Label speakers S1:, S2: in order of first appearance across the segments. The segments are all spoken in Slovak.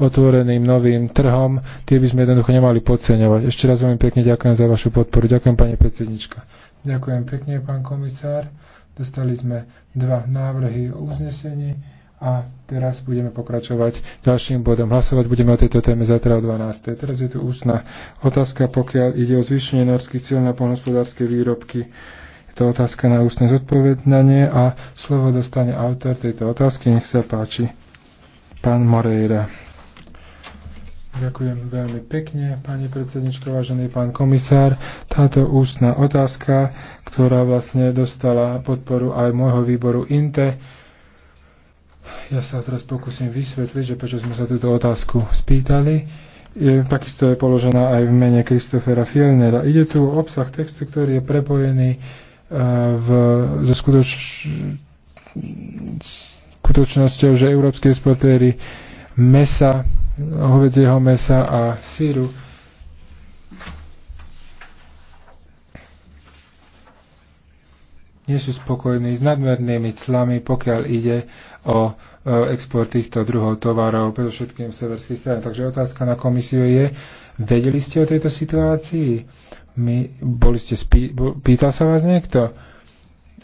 S1: otvoreným novým trhom, tie by sme jednoducho nemali podceňovať. Ešte raz veľmi pekne ďakujem za vašu podporu. Ďakujem pani predsednička. Ďakujem pekne, pán komisár. Dostali sme dva návrhy o uznesení a teraz budeme pokračovať ďalším bodom. Hlasovať budeme o tejto téme zajtra o 12. Teraz je tu ústna otázka, pokiaľ ide o zvýšenie norských cieľ na polnospodárske výrobky. Je to otázka na ústne zodpovedanie a slovo dostane autor tejto otázky. Nech sa páči, pán Moreira. Ďakujem veľmi pekne, pani predsednička, vážený pán komisár. Táto ústna otázka, ktorá vlastne dostala podporu aj môjho výboru INTE, ja sa teraz pokúsim vysvetliť, že prečo sme sa túto otázku spýtali. Je, takisto je položená aj v mene Kristofera Fielnera. Ide tu o obsah textu, ktorý je prepojený uh, v, zo skutoč, skutočnosťou, že európske exportéry mesa hovedzieho mesa a síru. nie sú spokojní s nadmernými clami, pokiaľ ide o e, export týchto druhov tovarov, predovšetkým všetkým severských krajín. Takže otázka na komisiu je, vedeli ste o tejto situácii? My, boli ste spí, pýtal sa vás niekto?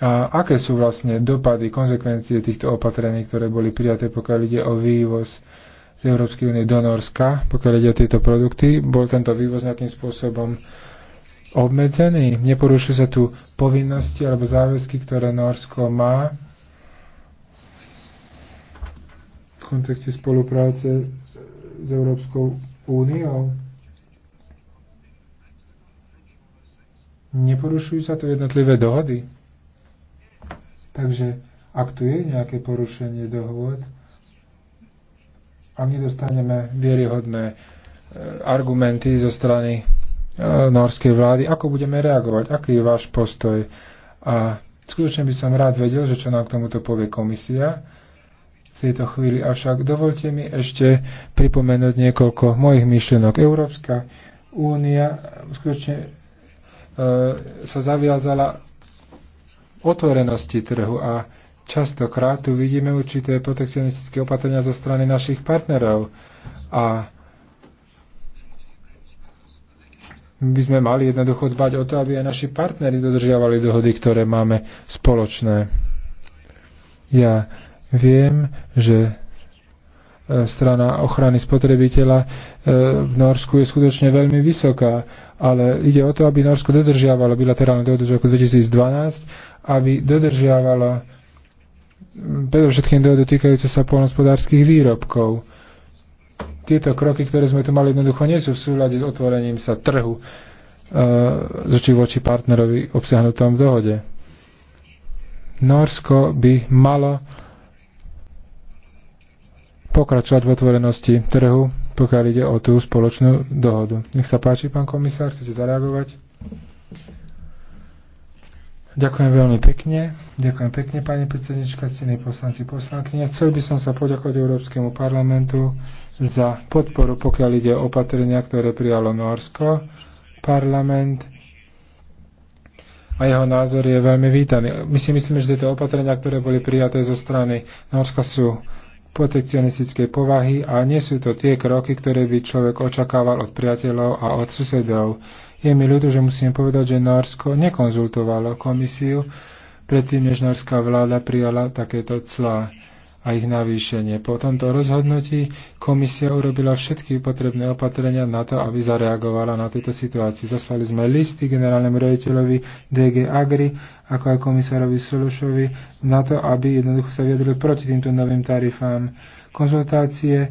S1: A aké sú vlastne dopady, konsekvencie týchto opatrení, ktoré boli prijaté, pokiaľ ide o vývoz z Európskej únie do Norska, pokiaľ ide o tieto produkty. Bol tento vývoz nejakým spôsobom obmedzený? Neporušujú sa tu povinnosti alebo záväzky, ktoré Norsko má v kontexte spolupráce s Európskou úniou? Neporušujú sa tu jednotlivé dohody? Takže ak tu je nejaké porušenie dohôd, ak nedostaneme vieryhodné e, argumenty zo strany e, norskej vlády, ako budeme reagovať, aký je váš postoj. A skutočne by som rád vedel, že čo nám k tomuto povie komisia v tejto chvíli. Avšak dovolte mi ešte pripomenúť niekoľko mojich myšlienok. Európska únia skutočne e, sa zaviazala otvorenosti trhu a Častokrát tu vidíme určité protekcionistické opatrenia zo strany našich partnerov a by sme mali jednoducho dbať o to, aby aj naši partnery dodržiavali dohody, ktoré máme spoločné. Ja viem, že e, strana ochrany spotrebiteľa e, v Norsku je skutočne veľmi vysoká, ale ide o to, aby Norsko dodržiavalo bilaterálne dohodu z roku 2012, aby dodržiavalo predovšetkým dohody týkajúce sa polnospodárských výrobkov. Tieto kroky, ktoré sme tu mali, jednoducho nie sú v súľade s otvorením sa trhu zoči e, voči partnerovi obsiahnutom v dohode. Norsko by malo pokračovať v otvorenosti trhu, pokiaľ ide o tú spoločnú dohodu. Nech sa páči, pán komisár, chcete zareagovať? Ďakujem veľmi pekne. Ďakujem pekne, pani predsednička, ctení poslanci, poslankyne. Chcel by som sa poďakovať Európskemu parlamentu za podporu, pokiaľ ide o opatrenia, ktoré prijalo Norsko. Parlament a jeho názor je veľmi vítaný. My si myslíme, že tieto opatrenia, ktoré boli prijaté zo strany Norska, sú protekcionistickej povahy a nie sú to tie kroky, ktoré by človek očakával od priateľov a od susedov. Je mi ľúto, že musím povedať, že Norsko nekonzultovalo komisiu predtým, než norská vláda prijala takéto clá a ich navýšenie. Po tomto rozhodnutí komisia urobila všetky potrebné opatrenia na to, aby zareagovala na túto situáciu. Zaslali sme listy generálnemu rejiteľovi DG Agri, ako aj komisárovi Sološovi, na to, aby jednoducho sa viedli proti týmto novým tarifám. Konzultácie e,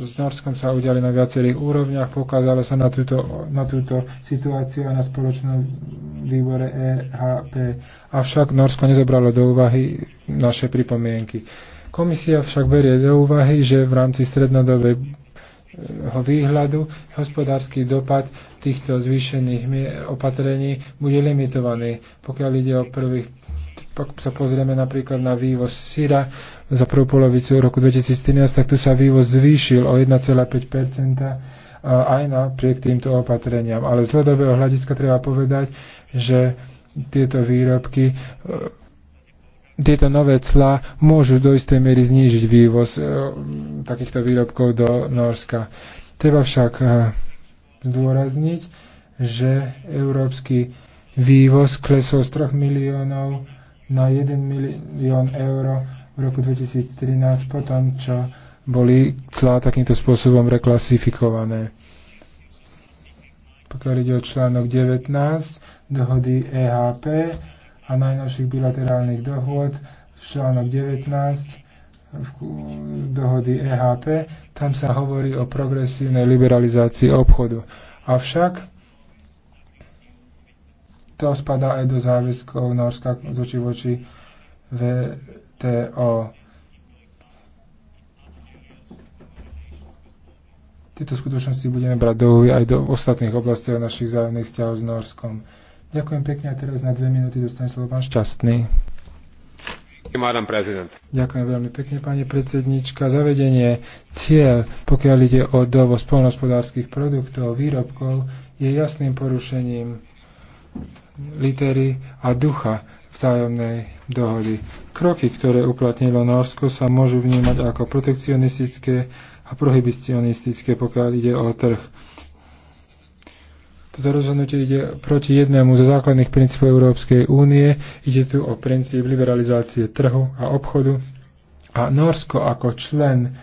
S1: s Norskom sa udiali na viacerých úrovniach, pokázalo sa na túto, na túto situáciu a na spoločnom výbore EHP. Avšak Norsko nezobralo do úvahy naše pripomienky. Komisia však berie do úvahy, že v rámci strednodobého eh, výhľadu hospodársky dopad týchto zvýšených opatrení bude limitovaný. Pokiaľ ide o prvých ak sa pozrieme napríklad na vývoz syra za prvú polovicu roku 2013, tak tu sa vývoz zvýšil o 1,5 aj napriek týmto opatreniam. Ale z dlhodobého hľadiska treba povedať, že tieto výrobky eh, tieto nové clá môžu do istej miery znížiť vývoz e, takýchto výrobkov do Norska. Treba však e, zdôrazniť, že európsky vývoz klesol z 3 miliónov na 1 milión eur v roku 2013 po tom, čo boli clá takýmto spôsobom reklasifikované. Pokiaľ ide o článok 19 dohody EHP, a najnovších bilaterálnych dohôd, článok 19 dohody EHP, tam sa hovorí o progresívnej liberalizácii obchodu. Avšak to spadá aj do záväzkov Norska z oči voči VTO. Tieto skutočnosti budeme brať do aj do ostatných oblastí našich vzájomných vzťahov s Norskom. Ďakujem pekne a teraz na dve minúty dostane slovo pán Šťastný. Ďakujem veľmi pekne, pani predsednička. Zavedenie cieľ, pokiaľ ide o dovoz polnospodárských produktov, výrobkov, je jasným porušením litery a ducha vzájomnej dohody. Kroky, ktoré uplatnilo Norsko, sa môžu vnímať ako protekcionistické a prohibicionistické, pokiaľ ide o trh toto rozhodnutie ide proti jednému zo základných princípov Európskej únie. Ide tu o princíp liberalizácie trhu a obchodu. A Norsko ako člen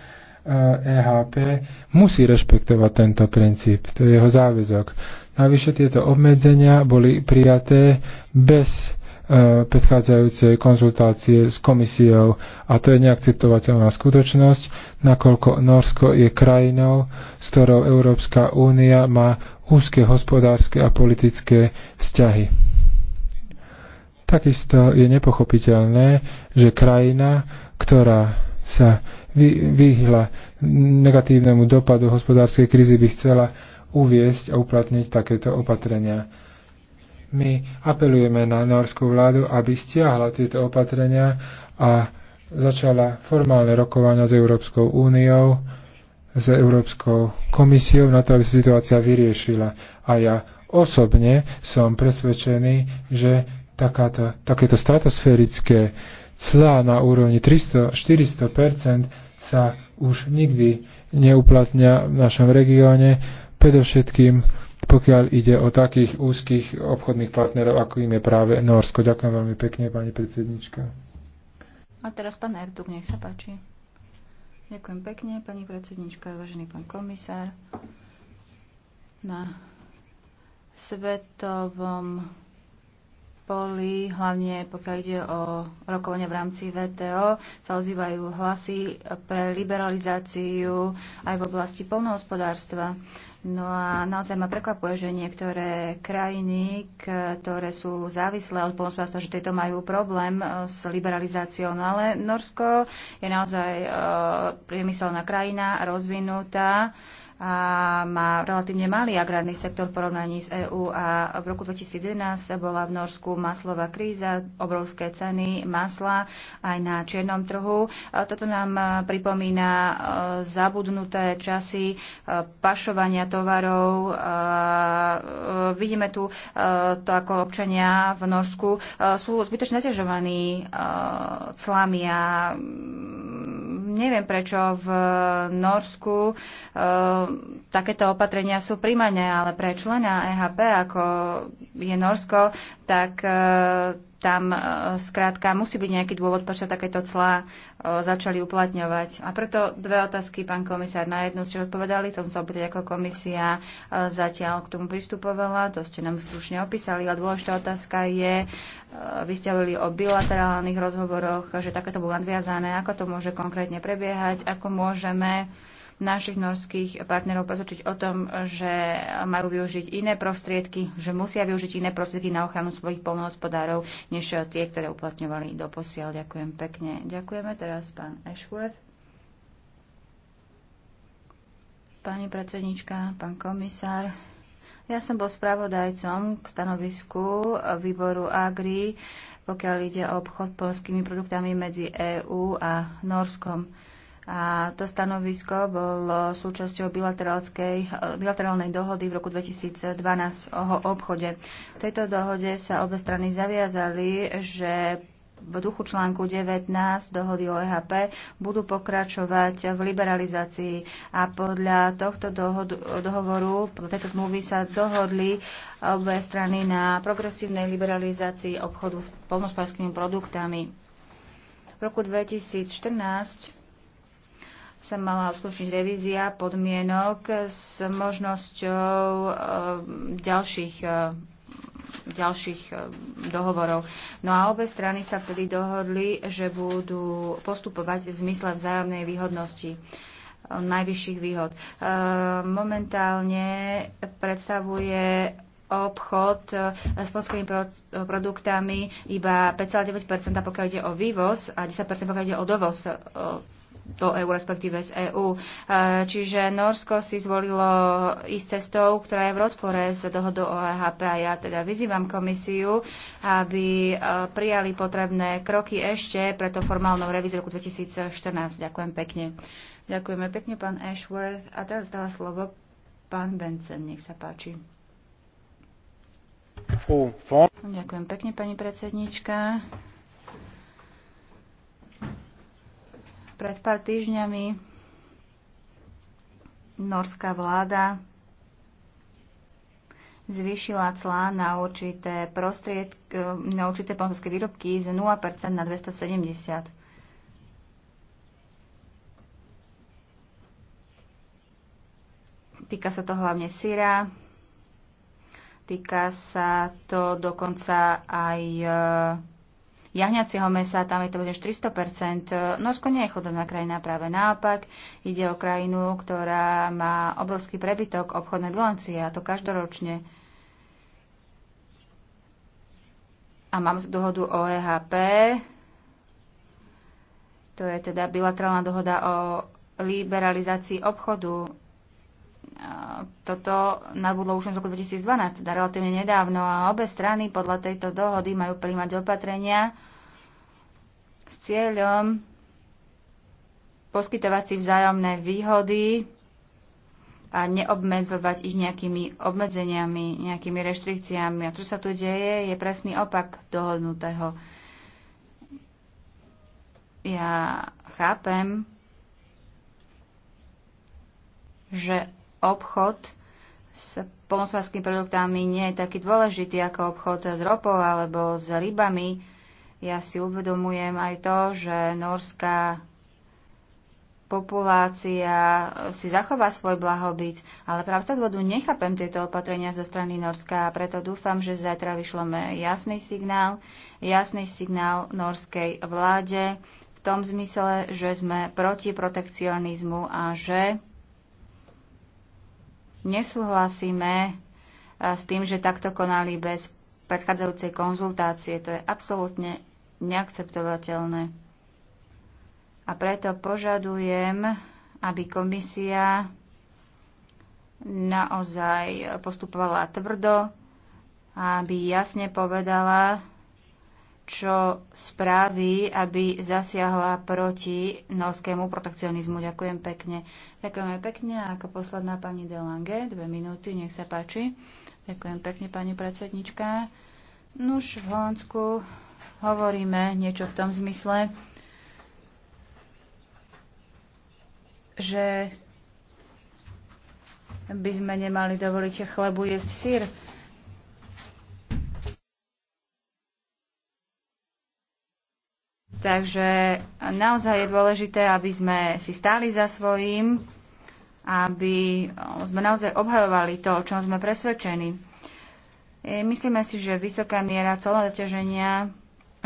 S1: EHP e musí rešpektovať tento princíp. To je jeho záväzok. Navyše tieto obmedzenia boli prijaté bez eh, predchádzajúcej konzultácie s komisiou a to je neakceptovateľná skutočnosť, nakoľko Norsko je krajinou, s ktorou Európska únia má úzke hospodárske a politické vzťahy. Takisto je nepochopiteľné, že krajina, ktorá sa vyhla negatívnemu dopadu hospodárskej krízy, by chcela uviesť a uplatniť takéto opatrenia. My apelujeme na norskú vládu, aby stiahla tieto opatrenia a začala formálne rokovania s Európskou úniou, s Európskou komisiou na to, aby sa situácia vyriešila. A ja osobne som presvedčený, že takáto, takéto stratosférické clá na úrovni 300-400% sa už nikdy neuplatnia v našom regióne, predovšetkým pokiaľ ide o takých úzkých obchodných partnerov, ako im je práve Norsko. Ďakujem veľmi pekne, pani predsednička.
S2: A teraz pán Erdug, nech sa páči. Ďakujem pekne, pani predsednička, vážený pán komisár. Na svetovom boli, hlavne pokiaľ ide o rokovanie v rámci VTO, sa ozývajú hlasy pre liberalizáciu aj v oblasti polnohospodárstva. No a naozaj ma prekvapuje, že niektoré krajiny, ktoré sú závislé od polnohospodárstva, že tieto majú problém e, s liberalizáciou. No ale Norsko je naozaj e, priemyselná krajina, rozvinutá a má relatívne malý agrárny sektor v porovnaní s EÚ a v roku 2011 bola v Norsku maslová kríza, obrovské ceny masla aj na čiernom trhu. Toto nám e, pripomína e, zabudnuté časy e, pašovania tovarov. Vidíme tu to, ako občania v Norsku sú zbytočne zaťažovaní clami a Neviem, prečo v eh, Norsku e, takéto opatrenia sú príjmané, ale pre člena EHP, ako je Norsko, tak e, tam e, skrátka musí byť nejaký dôvod, prečo takéto clá e, začali uplatňovať. A preto dve otázky, pán komisár. Na jednu ste odpovedali, to som sa opýtať, ako komisia e, zatiaľ k tomu pristupovala, to ste nám slušne opísali. ale dôležitá otázka je, vy ste hovorili o bilaterálnych rozhovoroch, že takéto bolo nadviazané, ako to môže konkrétne prebiehať, ako môžeme našich norských partnerov presvedčiť o tom, že majú využiť iné prostriedky, že musia využiť iné prostriedky na ochranu svojich polnohospodárov, než tie, ktoré uplatňovali do posiaľ. Ďakujem pekne. Ďakujeme teraz pán Ashworth. Pani predsednička, pán komisár, ja som bol spravodajcom k stanovisku výboru Agri, pokiaľ ide o obchod polskými produktami medzi EÚ a Norskom. A to stanovisko bolo súčasťou bilaterálnej dohody v roku 2012 o obchode. V tejto dohode sa obe strany zaviazali, že v duchu článku 19 dohody o EHP budú pokračovať v liberalizácii a podľa tohto dohodu, dohovoru, podľa tejto zmluvy sa dohodli obe strany na progresívnej liberalizácii obchodu s polnospodárskými produktami. V roku 2014 sa mala uskutočniť revízia podmienok s možnosťou eh, ďalších eh, ďalších eh, dohovorov. No a obe strany sa vtedy dohodli, že budú postupovať v zmysle vzájomnej výhodnosti najvyšších výhod. Momentálne predstavuje obchod s polskými produktami iba 5,9%, pokiaľ ide o vývoz a 10% pokiaľ ide o dovoz do EÚ, respektíve z EÚ. E, čiže Norsko si zvolilo ísť cestou, ktorá je v rozpore s dohodou o EHP a ja teda vyzývam komisiu, aby e, prijali potrebné kroky ešte pre to formálnou revíziu roku 2014. Ďakujem pekne. Ďakujeme pekne, pán Ashworth. A teraz dáva slovo pán Benson. Nech sa páči. Ďakujem pekne, pani predsednička. Pred pár týždňami norská vláda zvýšila clá na určité, prostriedky, na určité pomorské výrobky z 0% na 270. Týka sa to hlavne syra, týka sa to dokonca aj e, jahňacieho mesa, tam je to viac než 300%. Norsko nie je chudobná krajina, práve naopak. Ide o krajinu, ktorá má obrovský prebytok obchodnej bilancie a to každoročne. A máme tu dohodu o EHP, to je teda bilaterálna dohoda o liberalizácii obchodu toto nabudlo už v roku 2012, teda relatívne nedávno a obe strany podľa tejto dohody majú príjmať opatrenia s cieľom poskytovať si vzájomné výhody a neobmedzovať ich nejakými obmedzeniami, nejakými reštrikciami. A čo sa tu deje, je presný opak dohodnutého. Ja chápem, že obchod s polnospodárskými produktami nie je taký dôležitý ako obchod s ropou alebo s rybami. Ja si uvedomujem aj to, že norská populácia si zachová svoj blahobyt, ale pravdepodobne nechápem tieto opatrenia zo strany Norska a preto dúfam, že zajtra vyšlome jasný signál, jasný signál norskej vláde v tom zmysle, že sme proti protekcionizmu a že nesúhlasíme e, s tým, že takto konali bez predchádzajúcej konzultácie. To je absolútne neakceptovateľné. A preto požadujem, aby komisia naozaj postupovala tvrdo, aby jasne povedala, čo spraví, aby zasiahla proti norskému protekcionizmu. Ďakujem pekne. Ďakujeme pekne. A ako posledná pani Delange, dve minúty, nech sa páči. Ďakujem pekne, pani predsednička. Nuž v Holandsku hovoríme niečo v tom zmysle, že by sme nemali dovoliť chlebu jesť sír. Takže naozaj je dôležité, aby sme si stáli za svojím, aby eh, sme naozaj obhajovali to, o čom sme presvedčení. E, myslíme si, že vysoká miera celého zaťaženia,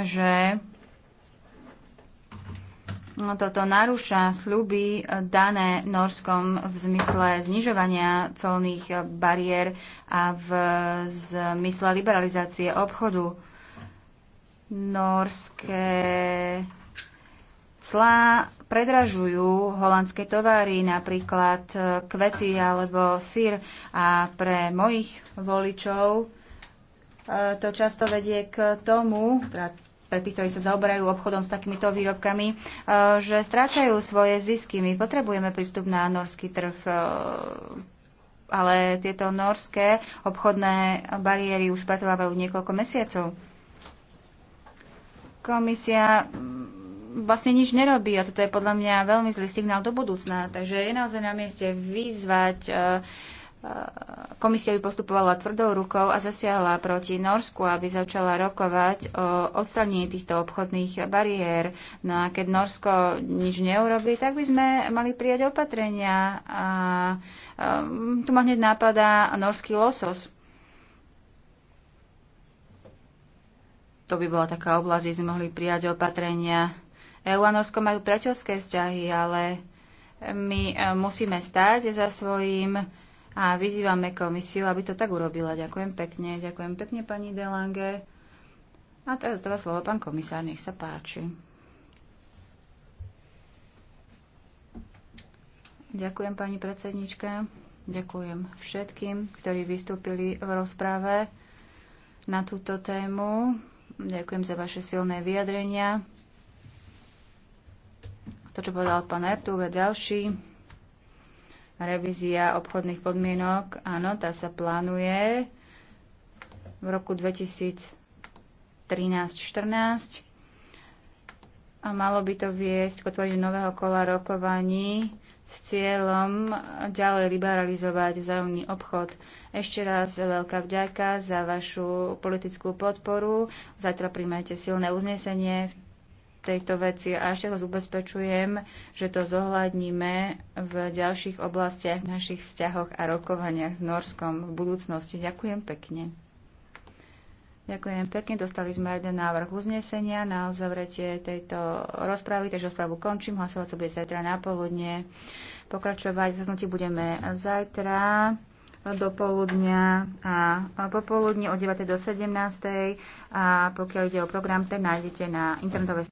S2: že eh, toto narúša sľuby eh, dané Norskom v zmysle znižovania colných bariér a v zmysle liberalizácie obchodu norské clá predražujú holandské tovary, napríklad kvety alebo sír. A pre mojich voličov e, to často vedie k tomu, teda pre tých, ktorí sa zaoberajú obchodom s takýmito výrobkami, e, že strácajú svoje zisky. My potrebujeme prístup na norský trh, e, ale tieto norské obchodné bariéry už pretovávajú niekoľko mesiacov komisia mm, vlastne nič nerobí a toto je podľa mňa veľmi zlý signál do budúcna. Takže je naozaj na mieste vyzvať e, e, komisia by postupovala tvrdou rukou a zasiahla proti Norsku, aby začala rokovať o odstranení týchto obchodných bariér. No a keď Norsko nič neurobi, tak by sme mali prijať opatrenia. A, a, e, tu ma hneď nápada norský losos. to by bola taká oblasť, kde sme mohli prijať opatrenia. EU a Norsko majú priateľské vzťahy, ale my e, musíme stáť za svojím a vyzývame komisiu, aby to tak urobila. Ďakujem pekne, ďakujem pekne pani Delange. A teraz dáva slovo pán komisár, nech sa páči. Ďakujem pani predsednička, ďakujem všetkým, ktorí vystúpili v rozprave na túto tému. Ďakujem za vaše silné vyjadrenia. To, čo povedal pán Artúk a ďalší, revízia obchodných podmienok, áno, tá sa plánuje v roku 2013-14 a malo by to viesť k otvoreniu nového kola rokovaní s cieľom ďalej liberalizovať vzájomný obchod. Ešte raz veľká vďaka za vašu politickú podporu. Zajtra príjmajte silné uznesenie v tejto veci a ešte vás ubezpečujem, že to zohľadníme v ďalších oblastiach v našich vzťahoch a rokovaniach s Norskom v budúcnosti. Ďakujem pekne. Ďakujem pekne. Dostali sme jeden návrh uznesenia na uzavretie tejto rozpravy, takže rozpravu končím. Hlasovať sa bude zajtra na poludne. Pokračovať zaznutí budeme zajtra do poludnia a popoludne od 9. do 17. A pokiaľ ide o program, ten nájdete na internetovej